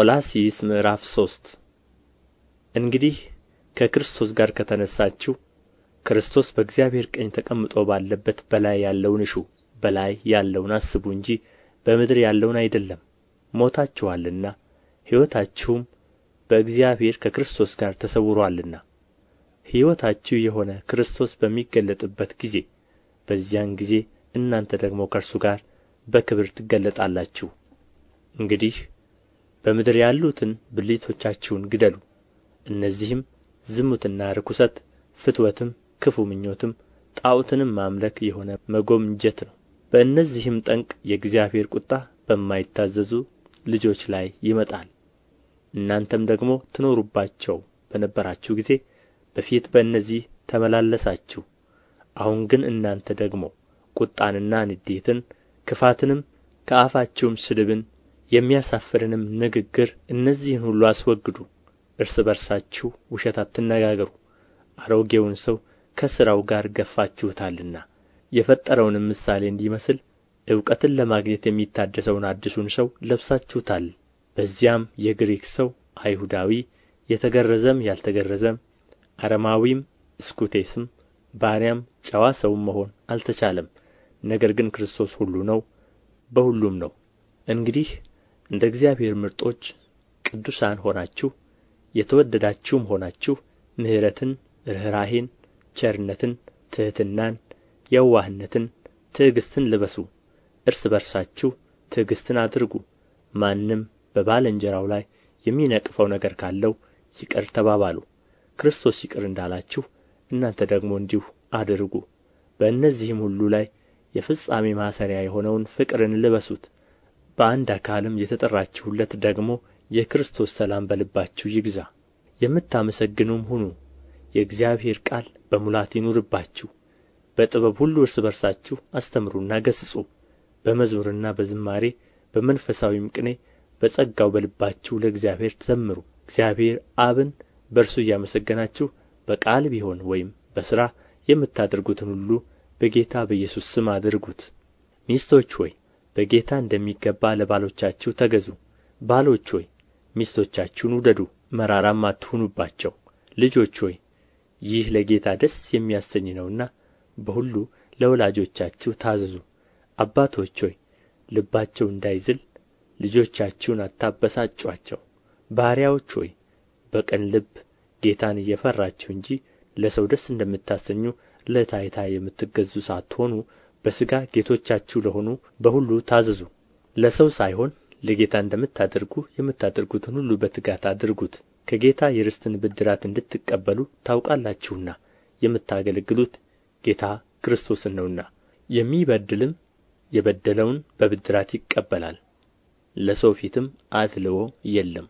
ቆላስይስ ምዕራፍ ሶስት እንግዲህ ከክርስቶስ ጋር ከተነሳችሁ ክርስቶስ በእግዚአብሔር ቀኝ ተቀምጦ ባለበት በላይ ያለውን እሹ በላይ ያለውን አስቡ እንጂ በምድር ያለውን አይደለም። ሞታችኋልና ሕይወታችሁም በእግዚአብሔር ከክርስቶስ ጋር ተሰውሮአልና ሕይወታችሁ የሆነ ክርስቶስ በሚገለጥበት ጊዜ በዚያን ጊዜ እናንተ ደግሞ ከእርሱ ጋር በክብር ትገለጣላችሁ። እንግዲህ በምድር ያሉትን ብልቶቻችሁን ግደሉ እነዚህም ዝሙትና ርኵሰት ፍትወትም ክፉ ምኞትም ጣዖትንም ማምለክ የሆነ መጎምጀት ነው በእነዚህም ጠንቅ የእግዚአብሔር ቁጣ በማይታዘዙ ልጆች ላይ ይመጣል እናንተም ደግሞ ትኖሩባቸው በነበራችሁ ጊዜ በፊት በእነዚህ ተመላለሳችሁ አሁን ግን እናንተ ደግሞ ቁጣንና ንዴትን ክፋትንም ከአፋችሁም ስድብን የሚያሳፍርንም ንግግር እነዚህን ሁሉ አስወግዱ እርስ በርሳችሁ ውሸት አትነጋገሩ አሮጌውን ሰው ከሥራው ጋር ገፋችሁታልና የፈጠረውንም ምሳሌ እንዲመስል እውቀትን ለማግኘት የሚታደሰውን አዲሱን ሰው ለብሳችሁታል በዚያም የግሪክ ሰው አይሁዳዊ የተገረዘም ያልተገረዘም አረማዊም እስኩቴስም ባሪያም ጨዋ ሰውም መሆን አልተቻለም ነገር ግን ክርስቶስ ሁሉ ነው በሁሉም ነው እንግዲህ እንደ እግዚአብሔር ምርጦች ቅዱሳን ሆናችሁ የተወደዳችሁም ሆናችሁ ምሕረትን ርኅራሄን፣ ቸርነትን ትሕትናን የዋህነትን ትዕግሥትን ልበሱ እርስ በርሳችሁ ትዕግሥትን አድርጉ ማንም በባልንጀራው ላይ የሚነቅፈው ነገር ካለው ይቅር ተባባሉ ክርስቶስ ይቅር እንዳላችሁ እናንተ ደግሞ እንዲሁ አድርጉ በእነዚህም ሁሉ ላይ የፍጻሜ ማሰሪያ የሆነውን ፍቅርን ልበሱት በአንድ አካልም የተጠራችሁለት ደግሞ የክርስቶስ ሰላም በልባችሁ ይግዛ የምታመሰግኑም ሁኑ የእግዚአብሔር ቃል በሙላት ይኑርባችሁ በጥበብ ሁሉ እርስ በርሳችሁ አስተምሩና ገሥጹ በመዝሙርና በዝማሬ በመንፈሳዊም ቅኔ በጸጋው በልባችሁ ለእግዚአብሔር ዘምሩ እግዚአብሔር አብን በእርሱ እያመሰገናችሁ በቃል ቢሆን ወይም በሥራ የምታደርጉትን ሁሉ በጌታ በኢየሱስ ስም አድርጉት ሚስቶች ሆይ በጌታ እንደሚገባ ለባሎቻችሁ ተገዙ ባሎች ሆይ ሚስቶቻችሁን ውደዱ መራራም አትሁኑባቸው ልጆች ሆይ ይህ ለጌታ ደስ የሚያሰኝ ነውና በሁሉ ለወላጆቻችሁ ታዘዙ አባቶች ሆይ ልባቸው እንዳይዝል ልጆቻችሁን አታበሳጯቸው ባሪያዎች ሆይ በቅን ልብ ጌታን እየፈራችሁ እንጂ ለሰው ደስ እንደምታሰኙ ለታይታ የምትገዙ ሳትሆኑ በሥጋ ጌቶቻችሁ ለሆኑ በሁሉ ታዘዙ ለሰው ሳይሆን ለጌታ እንደምታደርጉ የምታደርጉትን ሁሉ በትጋት አድርጉት ከጌታ የርስትን ብድራት እንድትቀበሉ ታውቃላችሁና የምታገለግሉት ጌታ ክርስቶስን ነውና የሚበድልም የበደለውን በብድራት ይቀበላል ለሰው ፊትም አድልዎ የለም